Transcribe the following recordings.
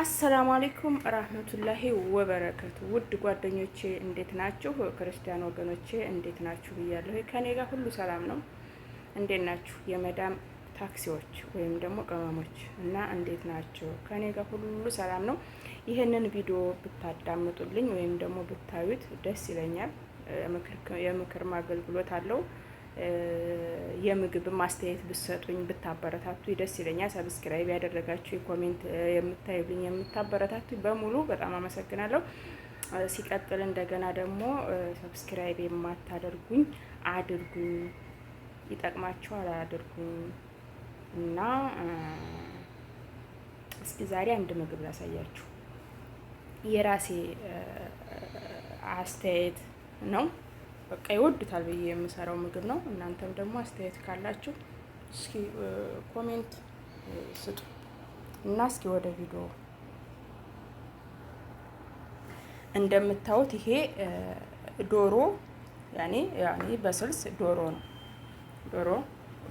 አሰላሙ አሌይኩም ራህመቱላሂ ወበረከቱ። ውድ ጓደኞቼ እንዴት ናችሁ? ክርስቲያን ወገኖቼ እንዴት ናችሁ ብያለሁ። ከኔ ጋር ሁሉ ሰላም ነው። እንዴት ናችሁ? የመዳም ታክሲዎች ወይም ደግሞ ቅመሞች እና እንዴት ናቸው? ከኔ ጋር ሁሉ ሰላም ነው። ይህንን ቪዲዮ ብታዳምጡልኝ ወይም ደግሞ ብታዩት ደስ ይለኛል። የምክርም አገልግሎት አለው። የምግብ ማስተያየት ብትሰጡኝ ብታበረታቱ ደስ ይለኛል። ሰብስክራይብ ያደረጋችሁ ኮሜንት የምታዩልኝ የምታበረታቱ በሙሉ በጣም አመሰግናለሁ። ሲቀጥል እንደገና ደግሞ ሰብስክራይብ የማታደርጉኝ አድርጉኝ፣ ይጠቅማችኋል አድርጉኝ እና እስኪ ዛሬ አንድ ምግብ ላሳያችሁ። የራሴ አስተያየት ነው። በቃ ይወዱታል ብዬ የምሰራው ምግብ ነው። እናንተም ደግሞ አስተያየት ካላችሁ እስኪ ኮሜንት ስጡ እና እስኪ ወደ ቪዲዮ እንደምታዩት ይሄ ዶሮ ያኔ ያኔ በስልስ ዶሮ ነው። ዶሮ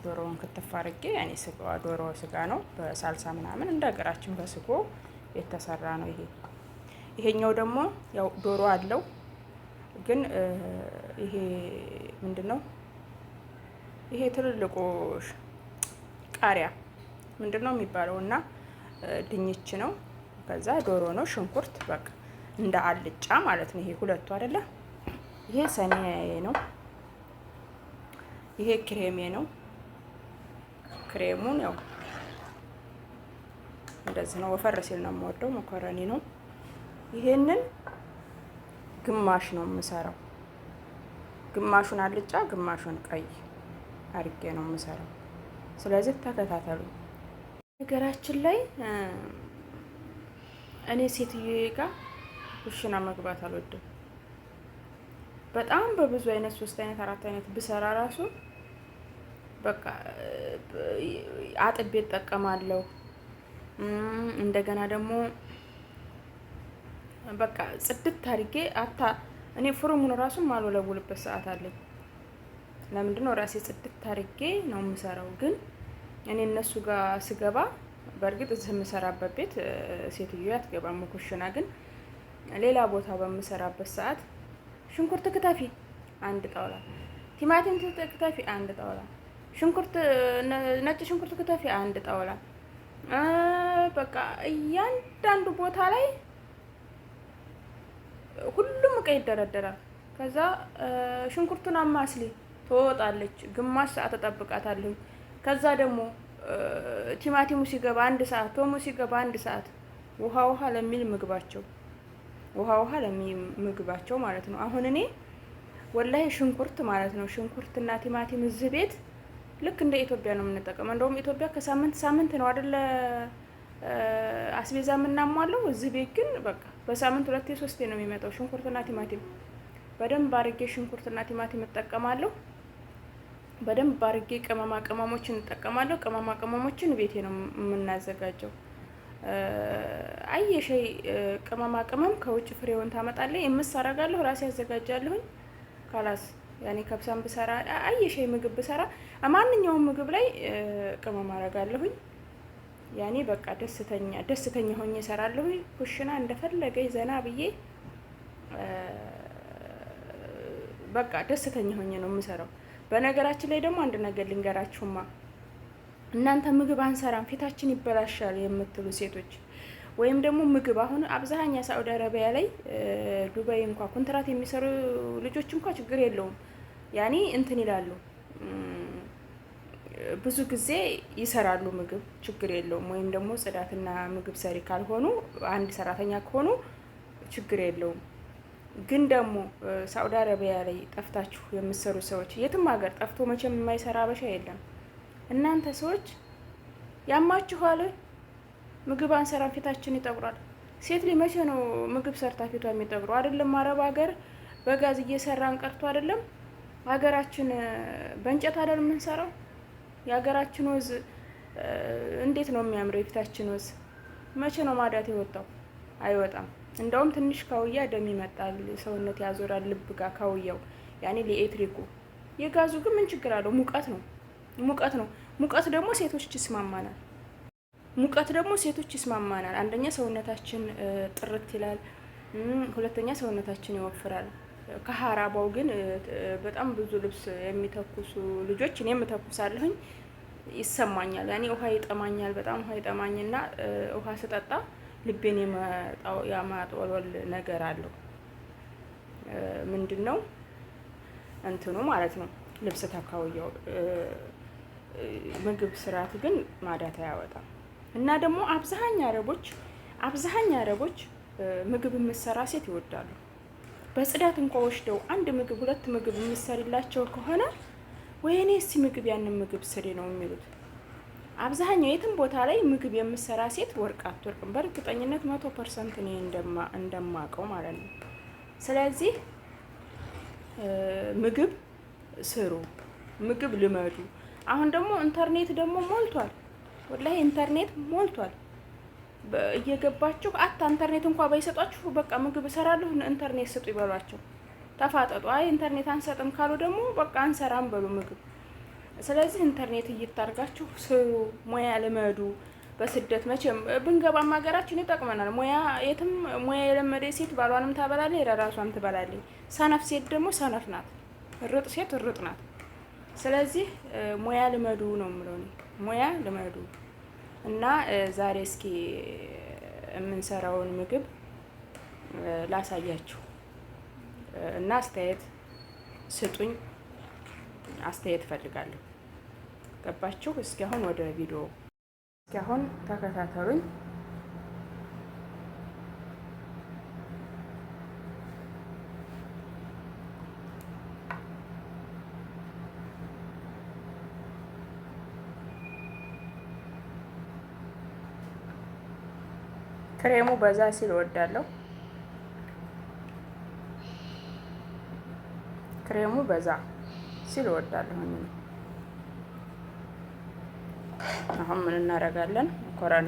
ዶሮውን ክትፍ አድርጌ ያኔ ስጋዋ ዶሮ ስጋ ነው፣ በሳልሳ ምናምን እንደ ሀገራችን በስጎ የተሰራ ነው። ይሄ ይሄኛው ደግሞ ያው ዶሮ አለው ግን ይሄ ምንድን ነው? ይሄ ትልልቁ ቃሪያ ምንድን ነው የሚባለው? እና ድንች ነው። ከዛ ዶሮ ነው፣ ሽንኩርት በቃ እንደ አልጫ ማለት ነው። ይሄ ሁለቱ አይደለ? ይሄ ሰኒያዬ ነው። ይሄ ክሬሜ ነው። ክሬሙን ያው እንደዚህ ነው። ወፈር ሲል ነው የምወደው። መኮረኒ ነው። ይሄንን ግማሽ ነው የምሰራው። ግማሹን አልጫ ግማሹን ቀይ አርጌ ነው የምሰራው። ስለዚህ ተከታተሉ። ነገራችን ላይ እኔ ሴትዮዬ ጋር ኩሽና መግባት አልወድም። በጣም በብዙ አይነት ሶስት አይነት አራት አይነት ብሰራ ራሱ በቃ አጥቤ እጠቀማለሁ። እንደገና ደግሞ በቃ ጽድት አድርጌ አታ እኔ ፎርሙን ራሱን ማልወለውልበት ሰዓት አለኝ። ለምንድን ነው ራሴ ጽድት አድርጌ ነው የምሰራው። ግን እኔ እነሱ ጋር ስገባ በእርግጥ እዚህ የምሰራበት ቤት ሴትዮ አትገባም ኩሽና። ግን ሌላ ቦታ በምሰራበት ሰዓት ሽንኩርት ክተፊ አንድ ጣውላ፣ ቲማቲም ክተፊ አንድ ጣውላ፣ ሽንኩርት ነጭ ሽንኩርት ክተፊ አንድ ጣውላ። በቃ እያንዳንዱ ቦታ ላይ ሁሉም ሞቀ ይደረደራል። ከዛ ሽንኩርቱን አማስሌ ትወጣለች። ግማሽ ሰዓት እጠብቃታለሁ። ከዛ ደግሞ ቲማቲሙ ሲገባ አንድ ሰዓት፣ ቶሙ ሲገባ አንድ ሰዓት ውሃ ውሃ ለሚል ምግባቸው ውሃ ውሃ ለሚል ምግባቸው ማለት ነው። አሁን እኔ ወላሂ ሽንኩርት ማለት ነው ሽንኩርትና ቲማቲም እዚህ ቤት ልክ እንደ ኢትዮጵያ ነው የምንጠቀመው። እንደውም ኢትዮጵያ ከሳምንት ሳምንት ነው አይደለ አስቤዛ የምናሟለው እዚህ ቤት ግን በቃ በሳምንት ሁለቴ ሶስቴ ነው የሚመጣው። ሽንኩርትና ቲማቲም በደንብ አርጌ ሽንኩርትና ቲማቲም እጠቀማለሁ። በደንብ አርጌ ቅመማ ቅመሞችን እጠቀማለሁ። ቅመማ ቅመሞችን ቤቴ ነው የምናዘጋጀው። አየሸይ ቅመማ ቅመም ከውጭ ፍሬውን ታመጣለ የምሳረጋለሁ ራሴ ያዘጋጃለሁኝ። ካላስ ያኔ ከብሳን ብሰራ አየሸይ ምግብ ብሰራ ማንኛውም ምግብ ላይ ቅመም አረጋለሁኝ። ያኔ በቃ ደስተኛ ደስተኛ ሆኜ እሰራለሁ። ኩሽና እንደፈለገ ዘና ብዬ በቃ ደስተኛ ሆኜ ነው የምሰራው። በነገራችን ላይ ደግሞ አንድ ነገር ልንገራችሁማ እናንተ ምግብ አንሰራም ፊታችን ይበላሻል የምትሉ ሴቶች ወይም ደግሞ ምግብ አሁን አብዛኛ ሳዑዲ አረቢያ ላይ ዱባይ እንኳ ኮንትራት የሚሰሩ ልጆች እንኳ ችግር የለውም ያኔ እንትን ይላሉ ብዙ ጊዜ ይሰራሉ ምግብ ችግር የለውም። ወይም ደግሞ ጽዳትና ምግብ ሰሪ ካልሆኑ አንድ ሰራተኛ ከሆኑ ችግር የለውም። ግን ደግሞ ሳኡዲ አረቢያ ላይ ጠፍታችሁ የምትሰሩ ሰዎች፣ የትም ሀገር ጠፍቶ መቼም የማይሰራ አበሻ የለም። እናንተ ሰዎች ያማችኋል። ምግብ አንሰራም፣ ፊታችን ይጠቁራል። ሴት ልጅ መቼ ነው ምግብ ሰርታ ፊቷ የሚጠቁሩ? አይደለም አረብ ሀገር በጋዝ እየሰራን ቀርቶ አይደለም ሀገራችን በእንጨት አይደል የምንሰራው የሀገራችን ወዝ እንዴት ነው የሚያምረው? የፊታችን ወዝ መቼ ነው ማዳት የወጣው? አይወጣም። እንደውም ትንሽ ካውያ ደም ይመጣል፣ ሰውነት ያዞራል። ልብ ጋር ካውያው ያኔ ለኤትሪኩ የጋዙ ግን ምን ችግር አለው? ሙቀት ነው ሙቀት ነው። ሙቀት ደግሞ ሴቶች ይስማማናል። ሙቀት ደግሞ ሴቶች ይስማማናል። አንደኛ ሰውነታችን ጥርት ይላል፣ ሁለተኛ ሰውነታችን ይወፍራል። ከሀራባው ግን በጣም ብዙ ልብስ የሚተኩሱ ልጆች እኔም እተኩሳለሁኝ ይሰማኛል። ያኔ ውሃ ይጠማኛል፣ በጣም ውሃ ይጠማኝና ውሃ ስጠጣ ልቤን የማጠወልወል ነገር አለው። ምንድን ነው እንትኑ ማለት ነው ልብስ ተካውየው ምግብ ስርዓት ግን ማዳት አያወጣም። እና ደግሞ አብዛኛ አረቦች አብዛኛ አረቦች ምግብ የምትሰራ ሴት ይወዳሉ። በጽዳት እንኳ ወስደው አንድ ምግብ ሁለት ምግብ የምሰሪላቸው ከሆነ ወይኔ እስቲ ምግብ ያንን ምግብ ስሪ ነው የሚሉት። አብዛኛው የትም ቦታ ላይ ምግብ የምሰራ ሴት ወርቅ አትወርቅም። በእርግጠኝነት መቶ ፐርሰንት እኔ እንደማቀው ማለት ነው። ስለዚህ ምግብ ስሩ፣ ምግብ ልመዱ። አሁን ደግሞ ኢንተርኔት ደግሞ ሞልቷል፣ ወላሂ ኢንተርኔት ሞልቷል። እየገባችሁ አታ ኢንተርኔት እንኳ ባይሰጧችሁ በቃ ምግብ እሰራለሁ ኢንተርኔት ስጡ ይበሏቸው። ተፋጠጡ። አይ ኢንተርኔት አንሰጥም ካሉ ደግሞ በቃ አንሰራም በሉ ምግብ። ስለዚህ ኢንተርኔት እይታርጋችሁ ስሩ፣ ሙያ ልመዱ። በስደት መቼም ብንገባም ሀገራችን ይጠቅመናል። ሙያ የትም ሙያ የለመደ ሴት ባሏንም ታበላለች፣ ለራሷም ትበላለች። ሰነፍ ሴት ደግሞ ሰነፍ ናት፣ ርጥ ሴት እርጥ ናት። ስለዚህ ሙያ ልመዱ ነው የምለው ሙያ ልመዱ። እና ዛሬ እስኪ የምንሰራውን ምግብ ላሳያችሁ እና አስተያየት ስጡኝ። አስተያየት እፈልጋለሁ። ገባችሁ? እስኪ አሁን ወደ ቪዲዮ እስኪ አሁን ተከታተሉኝ። ክሬሙ በዛ ሲል እወዳለሁ። ክሬሙ በዛ ሲል እወዳለሁ። አሁን ምን እናደርጋለን? መኮረኒ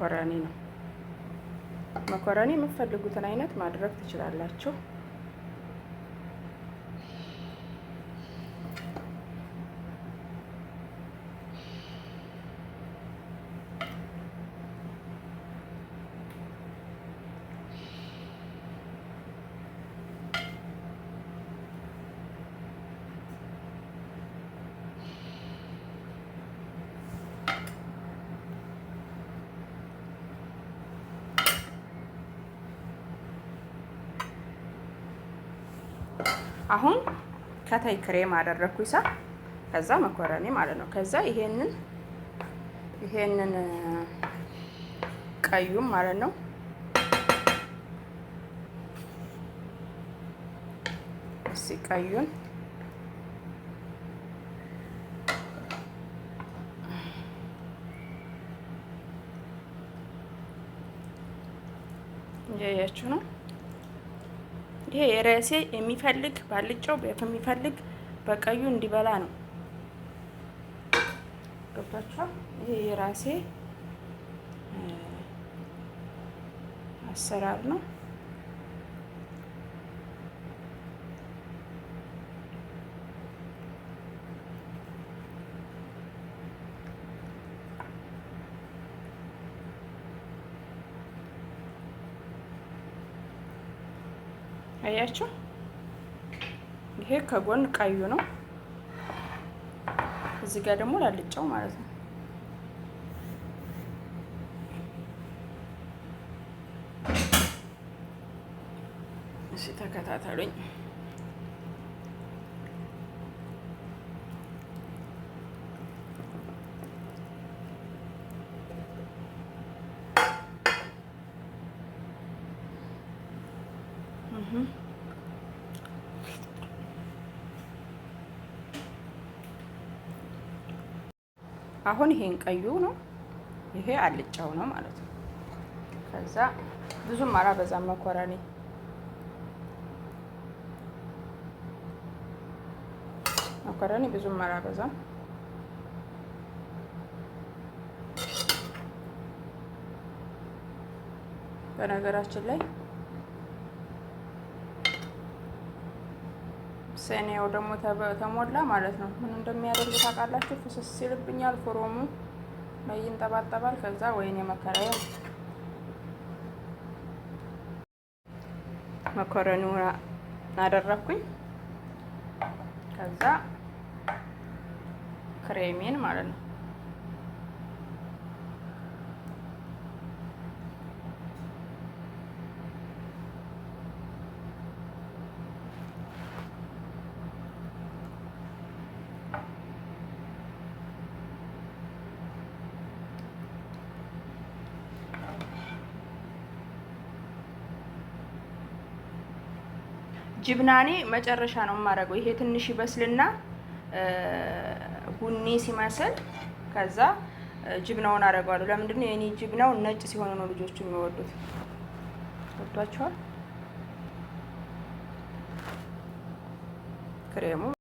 መኮረኒ ነው። መኮረኒ የምትፈልጉትን አይነት ማድረግ ትችላላችሁ። አሁን ከታይ ክሬም አደረግኩ ይሳ ከዛ መኮረኒ ማለት ነው። ከዛ ይሄንን ይሄንን ቀዩም ማለት ነው እስኪ እያያችሁ ነው። ይሄ የራሴ የሚፈልግ ባልጨው ቤት የሚፈልግ በቀዩ እንዲበላ ነው። ገብቷችኋል? ይሄ የራሴ አሰራር ነው። አያችሁ፣ ይሄ ከጎን ቀዩ ነው። እዚህ ጋር ደግሞ ላልጫው ማለት ነው። እሺ ተከታተሉኝ። አሁን ይሄን ቀዩ ነው፣ ይሄ አልጫው ነው ማለት ነው። ከዛ ብዙም አላበዛም መኮረኒ መኮረኒ ብዙም አላበዛም። በነገራችን ላይ ስኔው ደግሞ ተሞላ ማለት ነው። ምን እንደሚያደርግ ታውቃላችሁ? ፍስስ ይልብኛል፣ ፍሮሙ ላይ ይንጠባጠባል። ከዛ ወይኔ መከራዬ መኮረኒው አደረኩኝ። ከዛ ክሬሜን ማለት ነው ጅብናኔ መጨረሻ ነው የማደርገው። ይሄ ትንሽ ይበስልና ቡኒ ሲመስል ከዛ ጅብናውን አደርገዋለሁ። ለምንድን ነው የኔ ጅብናው ነጭ ሲሆን ነው ልጆቹ የሚወዱት። ወዷቸዋል ክሬሙ